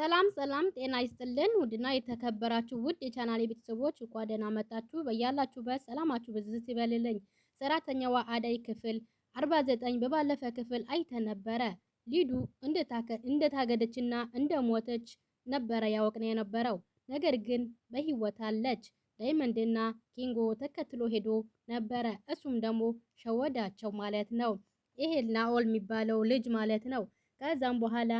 ሰላም ሰላም፣ ጤና ይስጥልን ውድና የተከበራችሁ ውድ የቻናሌ ቤተሰቦች እንኳን ደህና መጣችሁ። በያላችሁበት ሰላማችሁ ብዝት ይበልልኝ። ሰራተኛዋ አደይ ክፍል 49 በባለፈ ክፍል አይተነበረ ሊዱ እንደታገደችና እንደሞተች ነበረ ያወቅነ የነበረው ነገር ግን በህይወት አለች። ዳይመንድና ኪንጎ ተከትሎ ሄዶ ነበረ። እሱም ደግሞ ሸወዳቸው ማለት ነው። ይሄ ናኦል የሚባለው ልጅ ማለት ነው። ከዛም በኋላ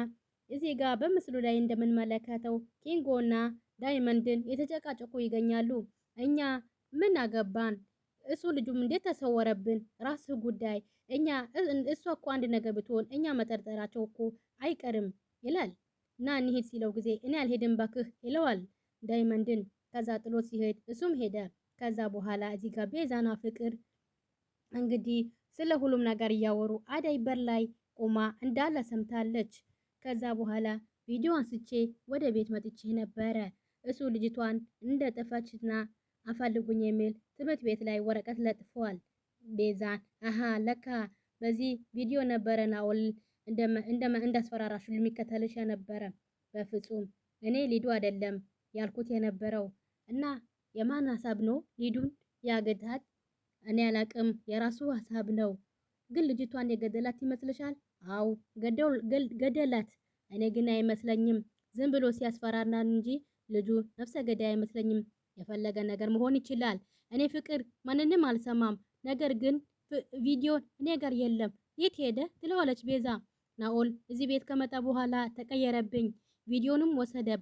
እዚህ ጋር በምስሉ ላይ እንደምንመለከተው ኪንጎና ዳይመንድን የተጨቃጨቁ ይገኛሉ። እኛ ምን አገባን? እሱ ልጁም እንዴት ተሰወረብን? ራስህ ጉዳይ። እኛ እሷ እኮ አንድ ነገር ብትሆን እኛ መጠርጠራቸው እኮ አይቀርም ይላል። ና እንሂድ ሲለው ጊዜ እኔ አልሄድም ባክህ ይለዋል ዳይመንድን። ከዛ ጥሎ ሲሄድ እሱም ሄደ። ከዛ በኋላ እዚህ ጋር ቤዛና ፍቅር እንግዲህ ስለ ሁሉም ነገር እያወሩ አደይ በር ላይ ቆማ እንዳለ ሰምታለች። ከዛ በኋላ ቪዲዮ አንስቼ ወደ ቤት መጥቼ ነበረ። እሱ ልጅቷን እንደ ጠፋችና አፋልጉኝ የሚል ትምህርት ቤት ላይ ወረቀት ለጥፏል። ቤዛን አሀ ለካ በዚህ ቪዲዮ ነበረ ናውል እንዳስፈራራሹ የሚከተልሽ ነበረ። በፍጹም እኔ ሊዱ አይደለም ያልኩት የነበረው እና የማን ሀሳብ ነው ሊዱን ያገታት? እኔ አላቅም። የራሱ ሀሳብ ነው። ግን ልጅቷን የገደላት ይመስልሻል? አው ገደላት። እኔ ግን አይመስለኝም። ዝም ብሎ ሲያስፈራራን እንጂ ልጁ ነፍሰ ገዳይ አይመስለኝም። የፈለገ ነገር መሆን ይችላል። እኔ ፍቅር ማንንም አልሰማም። ነገር ግን ቪዲዮን እኔ ጋር የለም። የት ሄደ ትለዋለች ቤዛ። ናኦል እዚህ ቤት ከመጣ በኋላ ተቀየረብኝ። ቪዲዮንም ወሰደብ።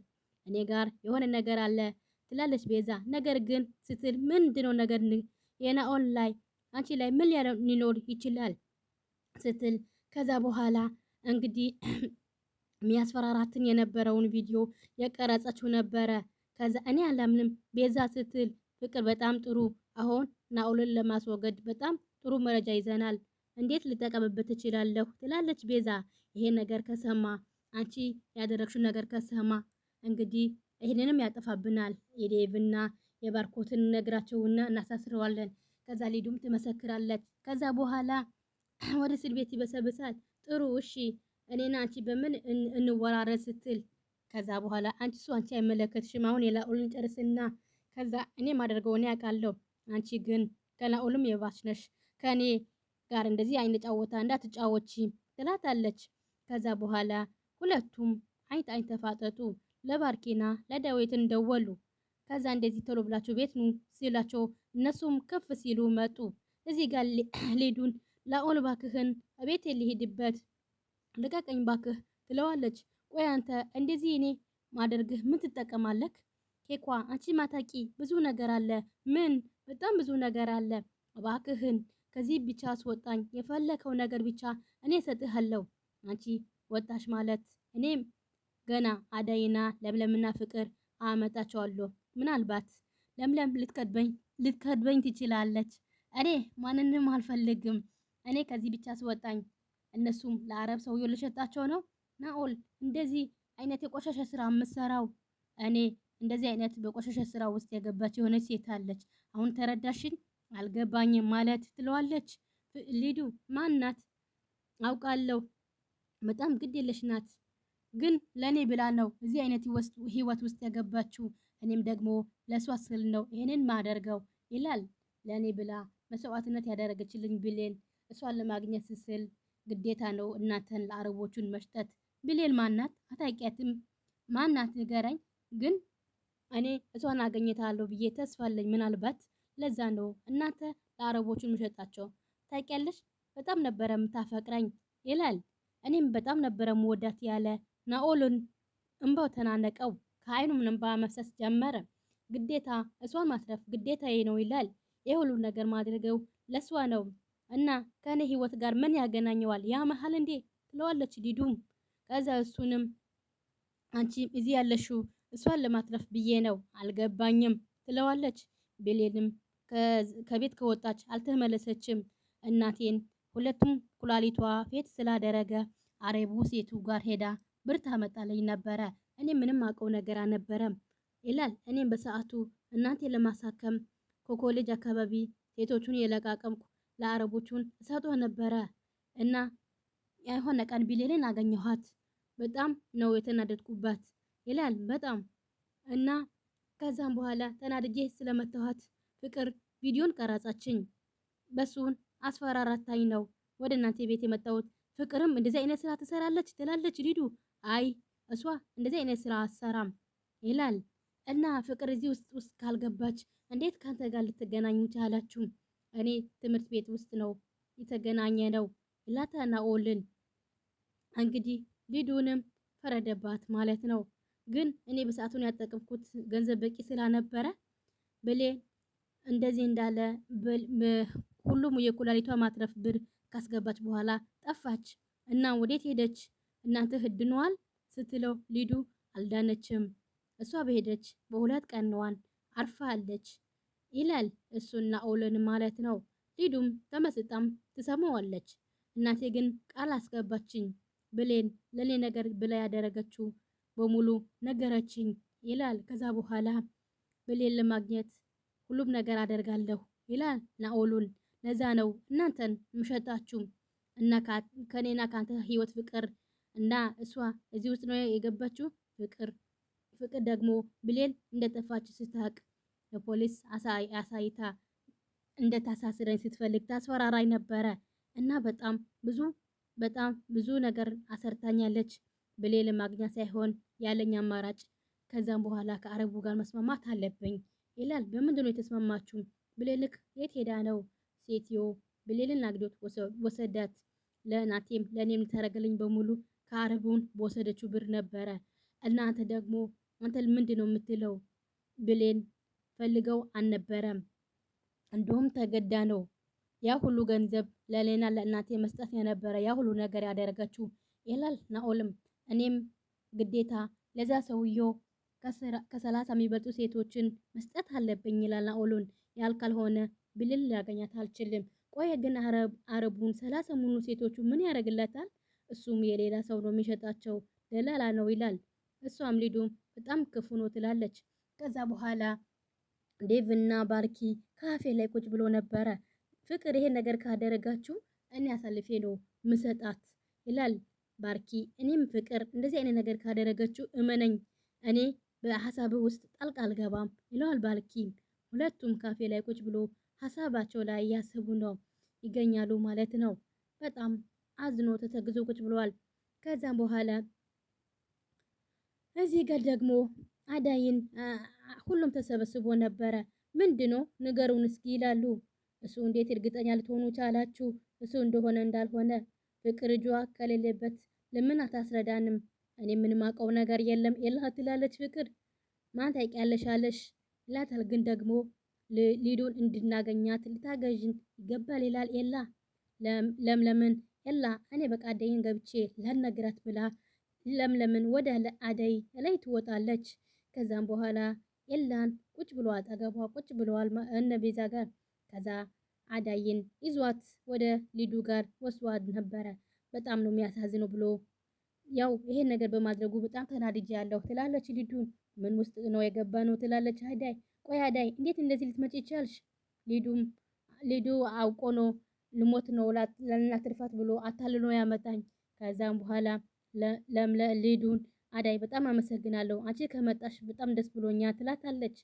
እኔ ጋር የሆነ ነገር አለ ትላለች ቤዛ። ነገር ግን ስትል ምንድነው ነገር የናኦል ላይ አንቺ ላይ ምን ሊኖር ይችላል ስትል ከዛ በኋላ እንግዲህ የሚያስፈራራትን የነበረውን ቪዲዮ የቀረጸችው ነበረ። ከዛ እኔ አላምንም ቤዛ ስትል ፍቅር በጣም ጥሩ አሁን ናኦልን ለማስወገድ በጣም ጥሩ መረጃ ይዘናል፣ እንዴት ልጠቀምበት ትችላለሁ ትላለች ቤዛ። ይሄን ነገር ከሰማ አንቺ ያደረግሽው ነገር ከሰማ እንግዲህ ይህንንም ያጠፋብናል። የዴቭና የባርኮትን ነግራቸውና እናሳስረዋለን። ከዛ ሊዱም ትመሰክራለች። ከዛ በኋላ ወደ እስር ቤት ይበሰብሳል። ጥሩ እሺ፣ እኔና አንቺ በምን እንወራረስ ስትል ከዛ በኋላ አንቺ እሱ አንቺ አይመለከትሽም። አሁን የላኦልን ጨርስና ከዛ እኔ ማደርገው እኔ ያውቃለሁ። አንቺ ግን ከላኦልም የባች ነሽ። ከእኔ ጋር እንደዚህ አይነ ጫወታ እንዳትጫወቺ ትላታለች። ከዛ በኋላ ሁለቱም አይን አይን ተፋጠጡ። ለባርኬና ለዳዊትን ደወሉ። ከዛ እንደዚህ ቶሎ ቤት ኑ ሲላቸው እነሱም ከፍ ሲሉ መጡ። እዚህ ጋር ሌዱን ላኦል ባክህን እቤት የልሄድበት ልቀቀኝ ባክህ ትለዋለች። ቆይ አንተ እንደዚህ እኔ ማደርግህ ምን ትጠቀማለህ? ኬኳ አንቺ ማታቂ ብዙ ነገር አለ። ምን በጣም ብዙ ነገር አለ። ባክህን ከዚህ ብቻ አስወጣኝ። የፈለከው ነገር ብቻ እኔ ሰጥሃለሁ። አንቺ ወጣሽ ማለት እኔም ገና አዳይና ለምለምና ፍቅር አመጣቸዋለሁ። ምናልባት ለምለም ልትከድበኝ ልትከድበኝ ትችላለች። እኔ ማንንም አልፈልግም። እኔ ከዚህ ብቻ ስወጣኝ እነሱም ለአረብ ሰውዬው ልሸጣቸው ነው። ናኦል እንደዚህ አይነት የቆሸሸ ስራ የምትሰራው እኔ እንደዚህ አይነት በቆሸሸ ስራ ውስጥ የገባች የሆነች ሴት አለች። አሁን ተረዳሽኝ? አልገባኝም ማለት ትለዋለች። ሊዱ ማን ናት? አውቃለሁ በጣም ግድ የለሽ ናት፣ ግን ለእኔ ብላ ነው እዚህ አይነት ህይወት ውስጥ የገባችው። እኔም ደግሞ ለእሷ ስል ነው ይህንን ማደርገው ይላል። ለእኔ ብላ መስዋዕትነት ያደረገችልኝ ብሌን እሷን ለማግኘት ስል ግዴታ ነው እናንተን ለአረቦቹን መሽጠት። ብሌን ማናት? አታውቂያትም? ማናት? ንገረኝ። ግን እኔ እሷን አገኘታለሁ ብዬ ተስፋ አለኝ። ምናልባት ለዛ ነው እናንተ ለአረቦቹን መሸጣቸው። ታውቂያለሽ፣ በጣም ነበረ የምታፈቅረኝ ይላል። እኔም በጣም ነበረ መወዳት ያለ ናኦልን እንባው ተናነቀው፣ ከአይኑም እንባ መፍሰስ ጀመረ። ግዴታ እሷን ማትረፍ ግዴታዬ ነው ይላል። የሁሉ ነገር ማድረገው ለእሷ ነው። እና ከኔ ህይወት ጋር ምን ያገናኘዋል ያ መሀል እንዴ ትለዋለች ዲዱም። ከዛ እሱንም አንቺ እዚህ ያለሽው እሷን ለማትረፍ ብዬ ነው አልገባኝም ትለዋለች። ብሌንም ከቤት ከወጣች አልተመለሰችም። እናቴን ሁለቱም ኩላሊቷ ፌት ስላደረገ አረቡ ሴቱ ጋር ሄዳ ብር ታመጣለኝ ነበረ። እኔ ምንም አውቀው ነገር አልነበረም ይላል። እኔም በሰዓቱ እናቴ ለማሳከም ከኮሌጅ አካባቢ ሴቶቹን የለቃቀምኩ ለአረቦቹን ሰጥቶ ነበረ እና የሆነ ቀን ቢሌሌን አገኘኋት። በጣም ነው የተናደድኩባት ይላል በጣም እና ከዛም በኋላ ተናድጄ ስለመተኋት ፍቅር ቪዲዮን ቀረጻችኝ። በሱን አስፈራራታኝ ነው ወደ እናንተ ቤት የመጣሁት። ፍቅርም እንደዚህ አይነት ስራ ትሰራለች ትላለች ሊዱ። አይ እሷ እንደዚህ አይነት ስራ አትሰራም ይላል እና ፍቅር እዚህ ውስጥ ውስጥ ካልገባች እንዴት ካንተ ጋር ልትገናኙ ቻላችሁ? እኔ ትምህርት ቤት ውስጥ ነው የተገናኘ ነው ኦልን እንግዲህ ሊዱንም ፈረደባት ማለት ነው። ግን እኔ በሰዓቱን ያጠቀምኩት ገንዘብ በቂ ስላነበረ ብሌን እንደዚህ እንዳለ ሁሉም የኩላሊቷ ማትረፍ ብር ካስገባች በኋላ ጠፋች እና ወዴት ሄደች? እናንተ ህድነዋል ስትለው ሊዱ አልዳነችም። እሷ በሄደች በሁለት ቀን ነዋን አለች። ይላል እሱና ኦለን ማለት ነው። ሊዱም ተመስጣም ትሰማዋለች። እናቴ ግን ቃል አስገባችኝ ብሌን ለኔ ነገር ብላ ያደረገችው በሙሉ ነገረችኝ ይላል። ከዛ በኋላ ብሌን ለማግኘት ሁሉም ነገር አደርጋለሁ ይላል ናኦሉን። ለዛ ነው እናንተን ምሸጣችሁ እና ከኔና ከአንተ ህይወት ፍቅር እና እሷ እዚህ ውስጥ ነው የገባችው። ፍቅር ፍቅር ደግሞ ብሌን እንደጠፋች ስታቅ ለፖሊስ አሳይታ እንደታሳስረኝ ስትፈልግ ታስፈራራኝ ነበረ እና በጣም ብዙ በጣም ብዙ ነገር አሰርታኛለች። ብሌ ለማግኛ ሳይሆን ያለኝ አማራጭ ከዛም በኋላ ከአረቡ ጋር መስማማት አለብኝ ይላል። በምንድን ነው የተስማማችሁ? ብሌ ልክ የት ሄዳ ነው? ሴትዮ ብሌልን አግዶት ወሰዳት። ለናቴም ለእኔም ተረገልኝ በሙሉ ከአረቡን በወሰደችው ብር ነበረ። እናንተ ደግሞ አንተ ምንድን ነው የምትለው ብሌን ፈልገው አልነበረም፣ እንዲሁም ተገዳ ነው። ያ ሁሉ ገንዘብ ለሌና ለእናቴ መስጠት የነበረ ያ ሁሉ ነገር ያደረገችው ይላል ናኦልም። እኔም ግዴታ ለዛ ሰውየው ከሰላሳ የሚበልጡ ሴቶችን መስጠት አለብኝ ይላል ናኦልን። ያል ካልሆነ ብልል ላገኛት አልችልም። ቆየ ግን አረቡን ሰላሳ ሙሉ ሴቶቹ ምን ያደርግለታል? እሱም የሌላ ሰው ነው የሚሸጣቸው ደላላ ነው ይላል። እሷም ሊዱም በጣም ክፉ ነው ትላለች። ከዛ በኋላ ዴቭ እና ባርኪ ካፌ ላይ ቁጭ ብሎ ነበረ። ፍቅር ይሄን ነገር ካደረጋችሁ እኔ አሳልፌ ነው ምሰጣት ይላል ባርኪ። እኔም ፍቅር እንደዚህ አይነት ነገር ካደረገችው እመነኝ፣ እኔ በሀሳብህ ውስጥ ጣልቃ አልገባም ይለዋል ባርኪ። ሁለቱም ካፌ ላይ ቁጭ ብሎ ሀሳባቸው ላይ እያሰቡ ነው ይገኛሉ ማለት ነው። በጣም አዝኖ ተተግዞ ቁጭ ብለዋል። ከዛም በኋላ እዚህ ጋር ደግሞ አዳይን ሁሉም ተሰበስቦ ነበረ። ምንድነው ንገሩን እስኪ ይላሉ። እሱ እንዴት እርግጠኛ ልትሆኑ ቻላችሁ? እሱ እንደሆነ እንዳልሆነ ፍቅር እጇ ከሌለበት ለምን አታስረዳንም? እኔ የምንማቀው ነገር የለም የላህ ትላለች ፍቅር። ማን ታውቂያለሽ አለሽ ይላታል። ግን ደግሞ ሊዱን እንድናገኛት ልታገዥን ይገባል ይላል ኤላ ለምለምን ኤላ እኔ በቃ አደይን ገብቼ ለነግራት ብላ ለምለምን ወደ አደይ ላይ ትወጣለች። ከዛም በኋላ ኤላን ቁጭ ብሏል፣ አጠገቧ ቁጭ ብለዋል እነ ቤዛ ጋር። ከዛ አዳይን ይዟት ወደ ሊዱ ጋር ወስዷት ነበረ። በጣም ነው የሚያሳዝነው ብሎ ያው ይሄን ነገር በማድረጉ በጣም ተናድጄ ያለሁ ትላለች ሊዱ። ምን ውስጥ ነው የገባ ነው ትላለች አዳይ። ቆይ አዳይ እንዴት እንደዚህ ልትመጪ ይቻልሽ? ሊዱም ሊዱ አውቆ ነው ልሞት ነው ላናትርፋት ብሎ አታልሎ ያመጣኝ። ከዛም በኋላ ለምለ ሊዱን አዳይ በጣም አመሰግናለሁ፣ አንቺ ከመጣሽ በጣም ደስ ብሎኛ ትላታለች።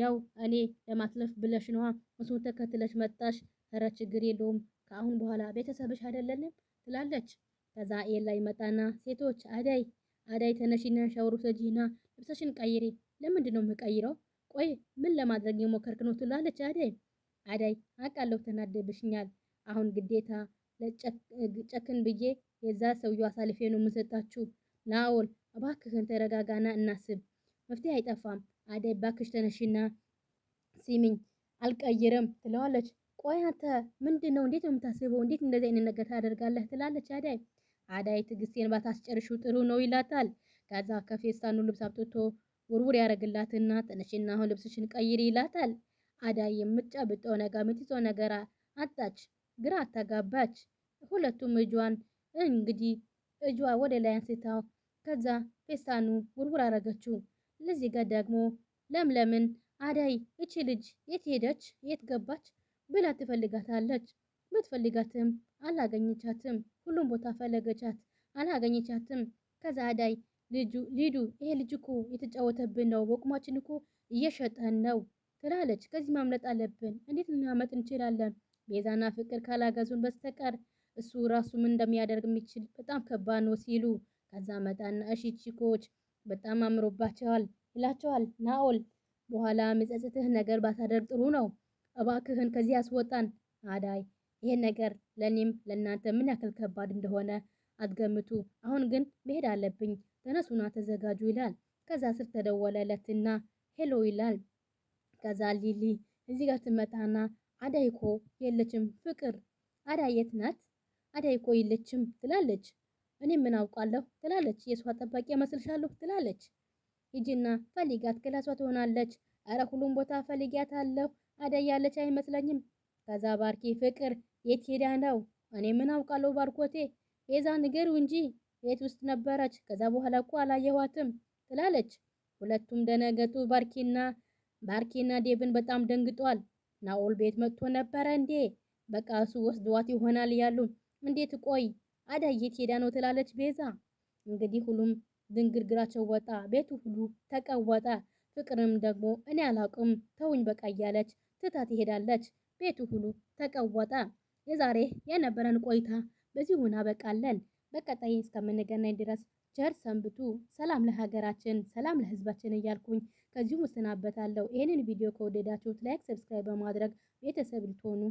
ያው እኔ ለማትለፍ ብለሽ ነዋ እሱን ተከትለሽ መጣሽ። ኧረ ችግር የለውም ከአሁን በኋላ ቤተሰብሽ አይደለንም ትላለች። ከዛ ኤላ ይመጣና ሴቶች አዳይ አዳይ ተነሽና ሻወር ውሰጂና ልብሰሽን ቀይሪ። ለምንድን ነው የምቀይረው? ቆይ ምን ለማድረግ የሞከርክ ነው ትላለች አዳይ አዳይ አውቃለሁ ተናደብሽኛል። አሁን ግዴታ ጨክን ብዬ የዛ ሰውዬው አሳልፌ ነው የምሰጣችሁ ናወል እባክህን ተረጋጋና እናስብ። መፍትሄ አይጠፋም። አደይ ባክሽ ተነሽና ሲሚኝ አልቀይርም ትለዋለች። ቆይ አንተ ምንድን ነው? እንዴት ነው የምታስበው? እንዴት እንደዚህ አይነት ነገር ታደርጋለህ? ትላለች አዳይ። አዳይ ትዕግስቴን ባታስጨርሺው ጥሩ ነው ይላታል። ከዛ ከፌስታኑ ልብስ አብጥቶ ውርውር ያደርግላትና ተነሽና አሁን ልብስሽን ቀይሪ ይላታል። አዳይ የምትጨብጠው ነገር የምትይዘው ነገር አጣች፣ ግራ አታጋባች። ሁለቱም እጇን እንግዲህ እጇ ወደ ላይ አንስታው ከዛ ፌስታኑ ውርውር አረገችው። ለዚህ ጋር ደግሞ ለምለምን አዳይ እቺ ልጅ የት ሄደች የት ገባች ብላ ትፈልጋታለች። ብትፈልጋትም አላገኘቻትም። ሁሉም ቦታ ፈለገቻት፣ አላገኘቻትም። ከዛ አዳይ ልጁ ሊዱ ይሄ ልጅ እኮ የተጫወተብን ነው፣ በቁማችን እኮ እየሸጠን ነው ትላለች። ከዚህ ማምለጥ አለብን። እንዴት ልናመጥ እንችላለን? ቤዛና ፍቅር ካላገዙን በስተቀር እሱ ራሱ ምን እንደሚያደርግ የሚችል በጣም ከባድ ነው ሲሉ ከዛ መጣና እሺ ቺኮች በጣም አምሮባቸዋል ይላቸዋል። ናኦል በኋላ ምጸጽትህ ነገር ባታደርግ ጥሩ ነው፣ እባክህን ከዚህ ያስወጣን። አዳይ ይሄን ነገር ለኔም ለእናንተ ምን ያክል ከባድ እንደሆነ አትገምቱ። አሁን ግን መሄድ አለብኝ፣ ተነሱና ተዘጋጁ ይላል። ከዛ ስር ተደወለለትና ሄሎ ይላል። ከዛ ሊሊ እዚህ ጋር ትመጣና አዳይኮ የለችም ፍቅር አዳይ የት ናት? አዳይኮ የለችም ትላለች። እኔ ምን አውቃለሁ ትላለች። የእሷ ጠባቂ መስልሻለሁ ትላለች። ሂጂና ፈልጊያት ክላሷ ትሆናለች። አረ ሁሉም ቦታ ፈልጊያታለሁ። አደይ ያለች አይመስለኝም። ከዛ ባርኪ ፍቅር የት ሄዳ ነው? እኔ ምን አውቃለሁ ባርኮቴ፣ ቤዛ ንገሩ እንጂ ቤት ውስጥ ነበረች። ከዛ በኋላ እኮ አላየኋትም ትላለች። ሁለቱም ደነገጡ። ባርኪና ባርኪና ዴብን በጣም ደንግጧል። ናኦል ቤት መጥቶ ነበረ እንዴ? በቃ እሱ ወስዷት ይሆናል ያሉ እንዴት ቆይ አዳይ የት ሄዳ ነው ትላለች ቤዛ። እንግዲህ ሁሉም ድንግርግራቸው ወጣ፣ ቤቱ ሁሉ ተቀወጠ። ፍቅርም ደግሞ እኔ አላውቅም ተውኝ በቃ እያለች ትታ ትሄዳለች። ቤቱ ሁሉ ተቀወጠ። የዛሬ የነበረን ቆይታ በዚሁ በቃለን። በቀጣይ እስከምንገናኝ ድረስ ቸር ሰንብቱ። ሰላም ለሀገራችን፣ ሰላም ለሕዝባችን እያልኩኝ ከዚሁም እሰናበታለሁ። ይህንን ቪዲዮ ከወደዳችሁት ላይክ፣ ሰብስክራይብ በማድረግ ቤተሰብ ልትሆኑ